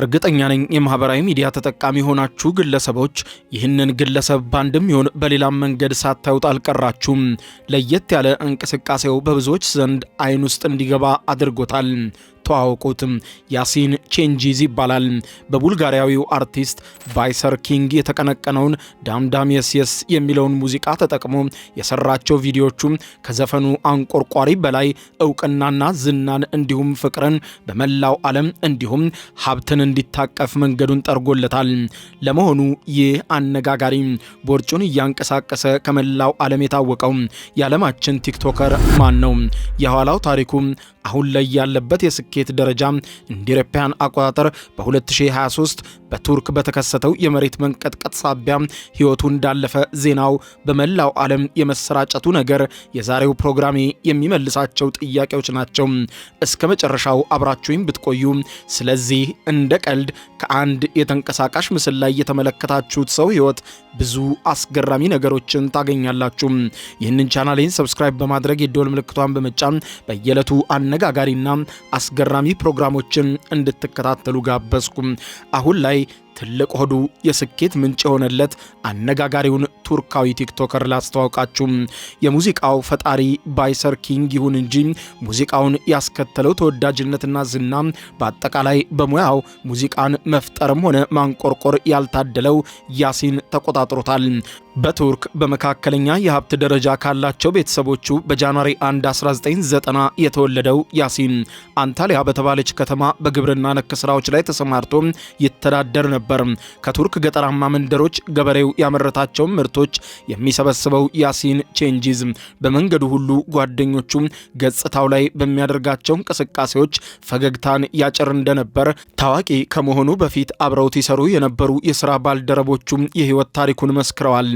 እርግጠኛ ነኝ የማህበራዊ ሚዲያ ተጠቃሚ የሆናችሁ ግለሰቦች ይህንን ግለሰብ በአንድም ይሁን በሌላም መንገድ ሳታዩት አልቀራችሁም። ለየት ያለ እንቅስቃሴው በብዙዎች ዘንድ አይን ውስጥ እንዲገባ አድርጎታል። ተዋወቁት። ያሲን ቼንጂዝ ይባላል። በቡልጋሪያዊው አርቲስት ባይሰር ኪንግ የተቀነቀነውን ዳምዳም የስየስ የሚለውን ሙዚቃ ተጠቅሞ የሰራቸው ቪዲዮቹም ከዘፈኑ አንቆርቋሪ በላይ እውቅናና ዝናን እንዲሁም ፍቅርን በመላው ዓለም እንዲሁም ሀብትን እንዲታቀፍ መንገዱን ጠርጎለታል። ለመሆኑ ይህ አነጋጋሪ ቦርጩን እያንቀሳቀሰ ከመላው ዓለም የታወቀው የዓለማችን ቲክቶከር ማን ነው? የኋላው ታሪኩ አሁን ላይ ያለበት የስኬት የስኬት ደረጃ እንደ አውሮፓውያን አቆጣጠር በ2023 በቱርክ በተከሰተው የመሬት መንቀጥቀጥ ሳቢያ ሕይወቱ እንዳለፈ ዜናው በመላው ዓለም የመሰራጨቱ ነገር የዛሬው ፕሮግራሜ የሚመልሳቸው ጥያቄዎች ናቸው። እስከ መጨረሻው አብራችሁኝ ብትቆዩ ስለዚህ እንደ ቀልድ ከአንድ የተንቀሳቃሽ ምስል ላይ የተመለከታችሁት ሰው ሕይወት ብዙ አስገራሚ ነገሮችን ታገኛላችሁ። ይህንን ቻናሌን ሰብስክራይብ በማድረግ የደወል ምልክቷን በመጫን በየዕለቱ አነጋጋሪና አስገ አስገራሚ ፕሮግራሞችን እንድትከታተሉ ጋበዝኩም። አሁን ላይ ትልቅ ሆዱ የስኬት ምንጭ የሆነለት አነጋጋሪውን ቱርካዊ ቲክቶከር ላስተዋውቃችሁ። የሙዚቃው ፈጣሪ ባይሰር ኪንግ ይሁን እንጂ ሙዚቃውን ያስከተለው ተወዳጅነትና ዝና በአጠቃላይ በሙያው ሙዚቃን መፍጠርም ሆነ ማንቆርቆር ያልታደለው ያሲን ተቆጣጥሮታል። በቱርክ በመካከለኛ የሀብት ደረጃ ካላቸው ቤተሰቦቹ በጃንዋሪ 1 1990 የተወለደው ያሲን አንታሊያ በተባለች ከተማ በግብርና ነክ ስራዎች ላይ ተሰማርቶ ይተዳደር ነበር። ከቱርክ ገጠራማ መንደሮች ገበሬው ያመረታቸውን ምርቶች የሚሰበስበው ያሲን ቼንጂዝ በመንገዱ ሁሉ ጓደኞቹ ገጽታው ላይ በሚያደርጋቸው እንቅስቃሴዎች ፈገግታን ያጭር እንደነበር ታዋቂ ከመሆኑ በፊት አብረውት ይሰሩ የነበሩ የስራ ባልደረቦቹም የህይወት ታሪኩን መስክረዋል።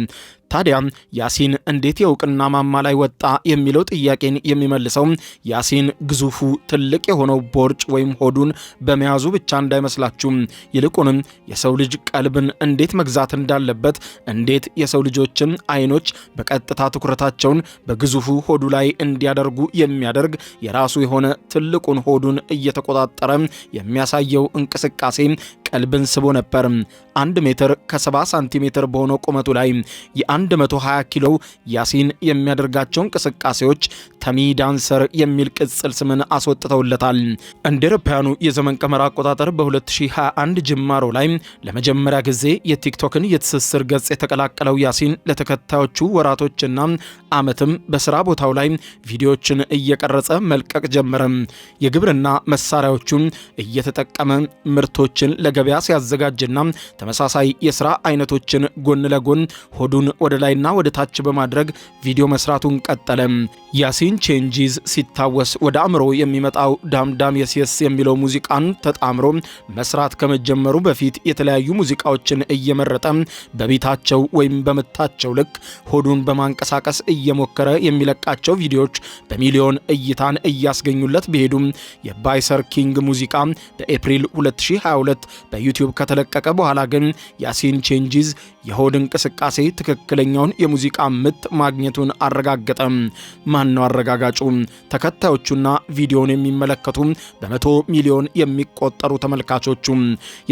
ታዲያ ያሲን እንዴት የእውቅና ማማ ላይ ወጣ የሚለው ጥያቄን የሚመልሰው ያሲን ግዙፉ ትልቅ የሆነው ቦርጭ ወይም ሆዱን በመያዙ ብቻ እንዳይመስላችሁም፣ ይልቁንም የሰው ልጅ ቀልብን እንዴት መግዛት እንዳለበት፣ እንዴት የሰው ልጆችን አይኖች በቀጥታ ትኩረታቸውን በግዙፉ ሆዱ ላይ እንዲያደርጉ የሚያደርግ የራሱ የሆነ ትልቁን ሆዱን እየተቆጣጠረ የሚያሳየው እንቅስቃሴ ቀልብን ስቦ ነበር። 1 ሜትር ከ70 ሳንቲሜትር በሆነው ቁመቱ ላይ የ120 ኪሎ ያሲን የሚያደርጋቸው እንቅስቃሴዎች ተሚ ዳንሰር የሚል ቅጽል ስምን አስወጥተውለታል። እንደ አውሮፓውያኑ የዘመን ቀመር አቆጣጠር በ2021 ጅማሮ ላይ ለመጀመሪያ ጊዜ የቲክቶክን የትስስር ገጽ የተቀላቀለው ያሲን ለተከታዮቹ ወራቶችና ዓመትም በስራ ቦታው ላይ ቪዲዮዎችን እየቀረጸ መልቀቅ ጀመረ። የግብርና መሳሪያዎቹን እየተጠቀመ ምርቶችን ለገበያ ሲያዘጋጅና ተመሳሳይ የስራ አይነቶችን ጎን ለጎን ሆዱን ወደ ላይና ወደ ታች በማድረግ ቪዲዮ መስራቱን ቀጠለ። ያሲን ቼንጂዝ ሲታወስ ወደ አእምሮ የሚመጣው ዳምዳም የሴስ የሚለው ሙዚቃን ተጣምሮ መስራት ከመጀመሩ በፊት የተለያዩ ሙዚቃዎችን እየመረጠ በቤታቸው ወይም በምታቸው ልክ ሆዱን በማንቀሳቀስ እየሞከረ የሚለቃቸው ቪዲዮዎች በሚሊዮን እይታን እያስገኙለት ቢሄዱም የባይሰር ኪንግ ሙዚቃ በኤፕሪል 2022 በዩቲዩብ ከተለቀቀ በኋላ ግን ያሲን ቼንጂዝ የሆድ እንቅስቃሴ ትክክለኛውን የሙዚቃ ምት ማግኘቱን አረጋገጠም። ማነው አረጋጋጩ? ተከታዮቹና ቪዲዮን የሚመለከቱ በመቶ ሚሊዮን የሚቆጠሩ ተመልካቾቹ።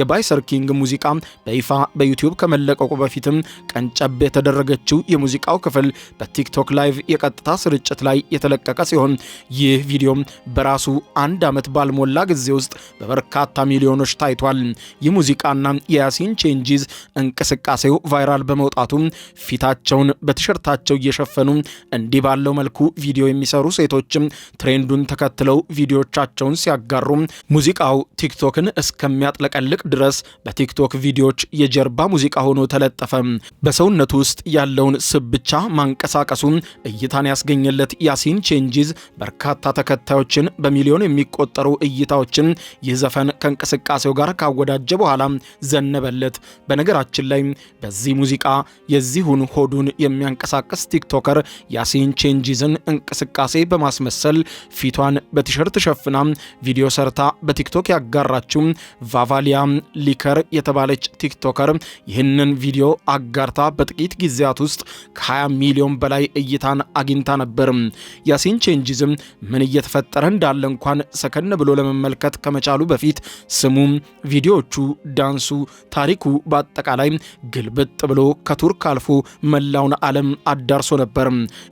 የባይሰር ኪንግ ሙዚቃ በይፋ በዩቲዩብ ከመለቀቁ በፊትም ቀንጨብ የተደረገችው የሙዚቃው ክፍል በቲክቶክ ላይቭ የቀጥታ ስርጭት ላይ የተለቀቀ ሲሆን ይህ ቪዲዮም በራሱ አንድ ዓመት ባልሞላ ጊዜ ውስጥ በበርካታ ሚሊዮኖች ታይቷል። ይህ ሙዚቃና የያሲን ቼንጂዝ እንቅስቃሴው ቫይራል በመውጣቱም ፊታቸውን በቲሸርታቸው እየሸፈኑ እንዲህ ባለው መልኩ ቪዲዮ የሚሰሩ ሴቶችም ትሬንዱን ተከትለው ቪዲዮቻቸውን ሲያጋሩ ሙዚቃው ቲክቶክን እስከሚያጥለቀልቅ ድረስ በቲክቶክ ቪዲዮዎች የጀርባ ሙዚቃ ሆኖ ተለጠፈ። በሰውነቱ ውስጥ ያለውን ስብ ብቻ ማንቀሳቀሱ እይታን ያስገኘለት ያሲን ቼንጂዝ በርካታ ተከታዮችን በሚሊዮን የሚቆጠሩ እይታዎችን ይህ ዘፈን ከእንቅስቃሴው ጋር ካወዳጀ በኋላ ዘነበለት። በነገራችን ላይ በዚህ ሙዚቃ የዚሁን ሆዱን የሚያንቀሳቅስ ቲክቶከር ያሲን ቼንጂዝን እንቅስቃሴ በማስመሰል ፊቷን በቲሸርት ሸፍና ቪዲዮ ሰርታ በቲክቶክ ያጋራችው ቫቫሊያ ሊከር የተባለች ቲክቶከር ይህንን ቪዲዮ አጋርታ በጥቂት ጊዜያት ውስጥ ከ20 ሚሊዮን በላይ እይታን አግኝታ ነበር። ያሲን ቼንጂዝም ምን እየተፈጠረ እንዳለ እንኳን ሰከን ብሎ ለመመልከት ከመቻሉ በፊት ስሙ፣ ቪዲዮዎቹ፣ ዳንሱ፣ ታሪኩ በአጠቃላይ ግልብ ግልብጥ ብሎ ከቱርክ አልፎ መላውን ዓለም አዳርሶ ነበር።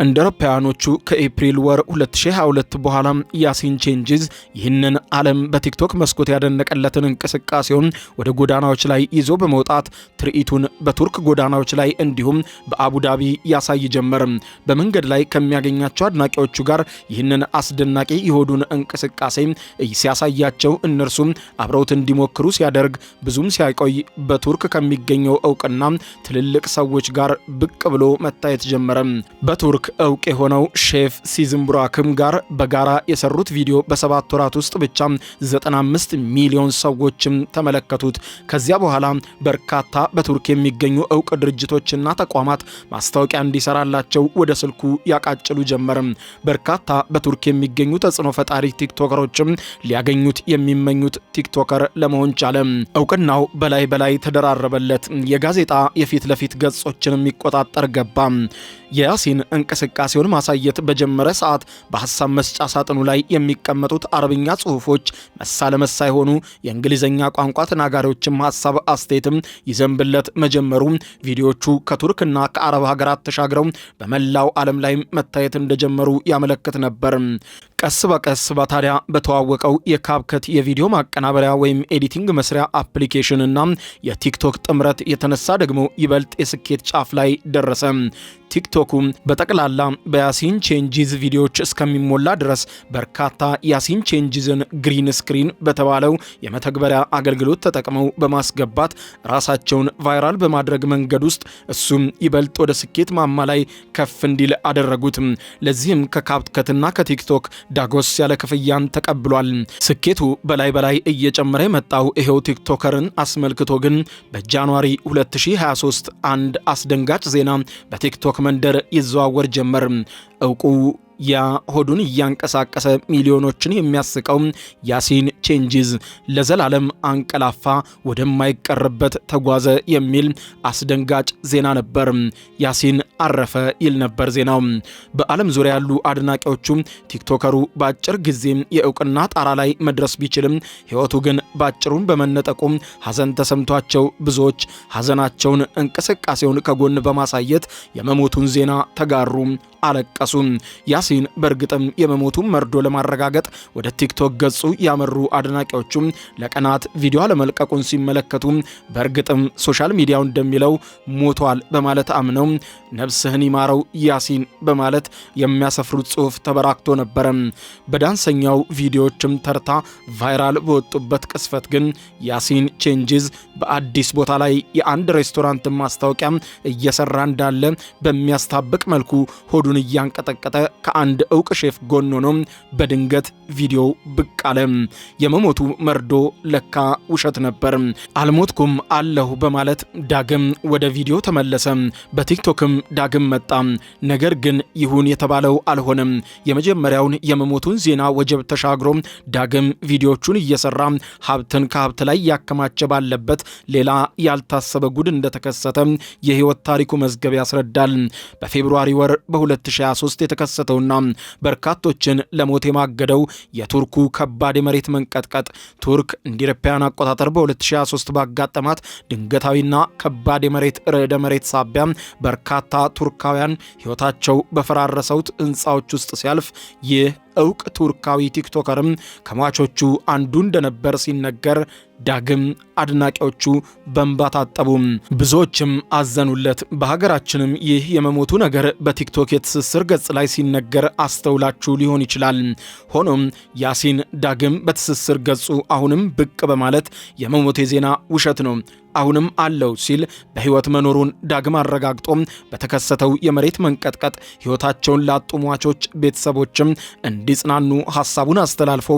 እንደ አውሮፓውያኖቹ ከኤፕሪል ወር 2022 በኋላ ያሲን ቼንጅዝ ይህንን ዓለም በቲክቶክ መስኮት ያደነቀለትን እንቅስቃሴውን ወደ ጎዳናዎች ላይ ይዞ በመውጣት ትርኢቱን በቱርክ ጎዳናዎች ላይ እንዲሁም በአቡዳቢ ያሳይ ጀመር። በመንገድ ላይ ከሚያገኛቸው አድናቂዎቹ ጋር ይህንን አስደናቂ የሆዱን እንቅስቃሴ ሲያሳያቸው እነርሱም አብረውት እንዲሞክሩ ሲያደርግ ብዙም ሲያቆይ በቱርክ ከሚገኘው እውቅና ትልልቅ ሰዎች ጋር ብቅ ብሎ መታየት ጀመረ። በቱርክ እውቅ የሆነው ሼፍ ሲዝምቡራክም ጋር በጋራ የሰሩት ቪዲዮ በሰባት ወራት ውስጥ ብቻ 95 ሚሊዮን ሰዎችም ተመለከቱት። ከዚያ በኋላ በርካታ በቱርክ የሚገኙ እውቅ ድርጅቶችና ተቋማት ማስታወቂያ እንዲሰራላቸው ወደ ስልኩ ያቃጭሉ ጀመርም። በርካታ በቱርክ የሚገኙ ተጽዕኖ ፈጣሪ ቲክቶከሮችም ሊያገኙት የሚመኙት ቲክቶከር ለመሆን ቻለ። እውቅናው በላይ በላይ ተደራረበለት። የጋዜጣ የፊት ለፊት ገጾችን የሚቆጣጠር ገባ። የያሲን እንቅስቃሴውን ማሳየት በጀመረ ሰዓት በሐሳብ መስጫ ሳጥኑ ላይ የሚቀመጡት አረብኛ ጽሑፎች መሳ ለመሳ የሆኑ የእንግሊዝኛ ቋንቋ ተናጋሪዎችም ሐሳብ አስተያየትም ይዘንብለት መጀመሩ ቪዲዮቹ ከቱርክና ከአረብ ሀገራት ተሻግረው በመላው ዓለም ላይ መታየት እንደጀመሩ ያመለክት ነበር። ቀስ በቀስ በታዲያ በተዋወቀው የካፕከት የቪዲዮ ማቀናበሪያ ወይም ኤዲቲንግ መስሪያ አፕሊኬሽን እና የቲክቶክ ጥምረት የተነሳ ደግሞ ይበልጥ የስኬት ጫፍ ላይ ደረሰ። ቲክቶክ ቲክቶኩ በጠቅላላ በያሲን ቼንጂዝ ቪዲዮዎች እስከሚሞላ ድረስ በርካታ ያሲን ቼንጂዝን ግሪን ስክሪን በተባለው የመተግበሪያ አገልግሎት ተጠቅመው በማስገባት ራሳቸውን ቫይራል በማድረግ መንገድ ውስጥ እሱም ይበልጥ ወደ ስኬት ማማ ላይ ከፍ እንዲል አደረጉት። ለዚህም ከካፕከትና ከቲክቶክ ዳጎስ ያለ ክፍያን ተቀብሏል። ስኬቱ በላይ በላይ እየጨመረ የመጣው ይሄው ቲክቶከርን አስመልክቶ ግን በጃንዋሪ 2023 አንድ አስደንጋጭ ዜና በቲክቶክ መንደር አገር ይዘዋወር ጀመር። እውቁ ያ ሆዱን እያንቀሳቀሰ ሚሊዮኖችን የሚያስቀው ያሲን ቼንጂዝ ለዘላለም አንቀላፋ ወደማይቀርበት ተጓዘ የሚል አስደንጋጭ ዜና ነበር። ያሲን አረፈ ይል ነበር ዜናው። በዓለም ዙሪያ ያሉ አድናቂዎቹ ቲክቶከሩ በአጭር ጊዜ የእውቅና ጣራ ላይ መድረስ ቢችልም ሕይወቱ ግን በአጭሩን በመነጠቁ ሐዘን ተሰምቷቸው ብዙዎች ሐዘናቸውን እንቅስቃሴውን ከጎን በማሳየት የመሞቱን ዜና ተጋሩ፣ አለቀሱ። ያሲን በእርግጥም የመሞቱን መርዶ ለማረጋገጥ ወደ ቲክቶክ ገጹ ያመሩ አድናቂዎቹም ለቀናት ቪዲዮ አለመልቀቁን ሲመለከቱ በእርግጥም ሶሻል ሚዲያው እንደሚለው ሞቷል በማለት አምነው ነፍስህን ይማረው ያሲን በማለት የሚያሰፍሩት ጽሑፍ ተበራክቶ ነበረ። በዳንሰኛው ቪዲዮዎችም ተርታ ቫይራል በወጡበት ቅስፈት ግን ያሲን ቼንጅዝ በአዲስ ቦታ ላይ የአንድ ሬስቶራንት ማስታወቂያ እየሰራ እንዳለ በሚያስታብቅ መልኩ ሆዱን እያንቀጠቀጠ ከአንድ እውቅ ሼፍ ጎን ሆኖ በድንገት ቪዲዮው ብቅ አለ። የመሞቱ መርዶ ለካ ውሸት ነበር። አልሞትኩም አለሁ በማለት ዳግም ወደ ቪዲዮ ተመለሰ። በቲክቶክም ዳግም መጣ። ነገር ግን ይሁን የተባለው አልሆነም። የመጀመሪያውን የመሞቱን ዜና ወጀብ ተሻግሮ ዳግም ቪዲዮቹን እየሰራ ሀብትን ከሀብት ላይ ያከማቸ ባለበት ሌላ ያልታሰበ ጉድ እንደተከሰተ የህይወት ታሪኩ መዝገብ ያስረዳል። በፌብሩዋሪ ወር በ2023 የተከሰተውን የገደለውና በርካቶችን ለሞት የማገደው የቱርኩ ከባድ የመሬት መንቀጥቀጥ ቱርክ እንደ አውሮፓውያን አቆጣጠር በ2023 ባጋጠማት ድንገታዊና ከባድ የመሬት ርዕደ መሬት ሳቢያ በርካታ ቱርካውያን ሕይወታቸው በፈራረሰውት ህንፃዎች ውስጥ ሲያልፍ ይህ እውቅ ቱርካዊ ቲክቶከርም ከሟቾቹ አንዱ እንደነበር ሲነገር ዳግም አድናቂዎቹ በንባ ታጠቡ፣ ብዙዎችም አዘኑለት። በሀገራችንም ይህ የመሞቱ ነገር በቲክቶክ የትስስር ገጽ ላይ ሲነገር አስተውላችሁ ሊሆን ይችላል። ሆኖም ያሲን ዳግም በትስስር ገጹ አሁንም ብቅ በማለት የመሞቴ ዜና ውሸት ነው አሁንም አለው ሲል በህይወት መኖሩን ዳግም አረጋግጦ በተከሰተው የመሬት መንቀጥቀጥ ህይወታቸውን ላጡ ሟቾች ቤተሰቦችም እንዲጽናኑ ሐሳቡን አስተላልፎ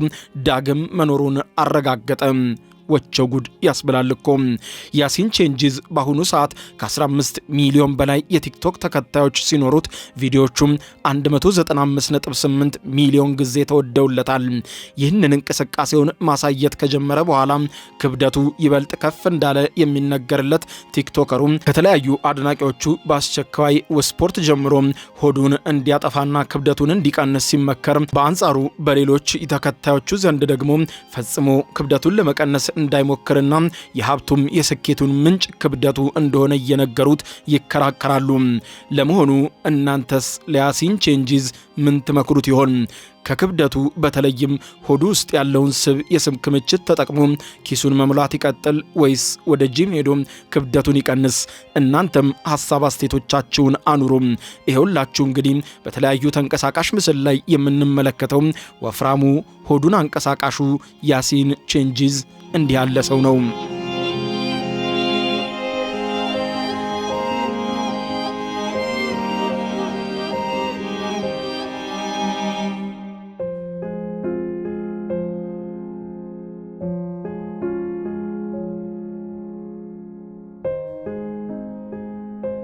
ዳግም መኖሩን አረጋገጠ። ወቸው ጉድ ያስብላል እኮ ያሲን ቼንጂዝ በአሁኑ ሰዓት ከ15 ሚሊዮን በላይ የቲክቶክ ተከታዮች ሲኖሩት ቪዲዮቹም 195.8 ሚሊዮን ጊዜ ተወደውለታል። ይህንን እንቅስቃሴውን ማሳየት ከጀመረ በኋላ ክብደቱ ይበልጥ ከፍ እንዳለ የሚነገርለት ቲክቶከሩ ከተለያዩ አድናቂዎቹ በአስቸኳይ ስፖርት ጀምሮ ሆዱን እንዲያጠፋና ክብደቱን እንዲቀንስ ሲመከር፣ በአንጻሩ በሌሎች ተከታዮቹ ዘንድ ደግሞ ፈጽሞ ክብደቱን ለመቀነስ እንዳይሞክርና የሀብቱም የስኬቱን ምንጭ ክብደቱ እንደሆነ እየነገሩት ይከራከራሉ። ለመሆኑ እናንተስ ለያሲን ቼንጂዝ ምን ትመክሩት ይሆን? ከክብደቱ በተለይም ሆዱ ውስጥ ያለውን ስብ የስም ክምችት ተጠቅሞ ኪሱን መሙላት ይቀጥል ወይስ ወደ ጂም ሄዶ ክብደቱን ይቀንስ? እናንተም ሀሳብ አስቴቶቻችሁን አኑሩ። ይሄውላችሁ እንግዲህ በተለያዩ ተንቀሳቃሽ ምስል ላይ የምንመለከተው ወፍራሙ ሆዱን አንቀሳቃሹ ያሲን ቼንጂዝ እንዲህ ያለ ሰው ነው።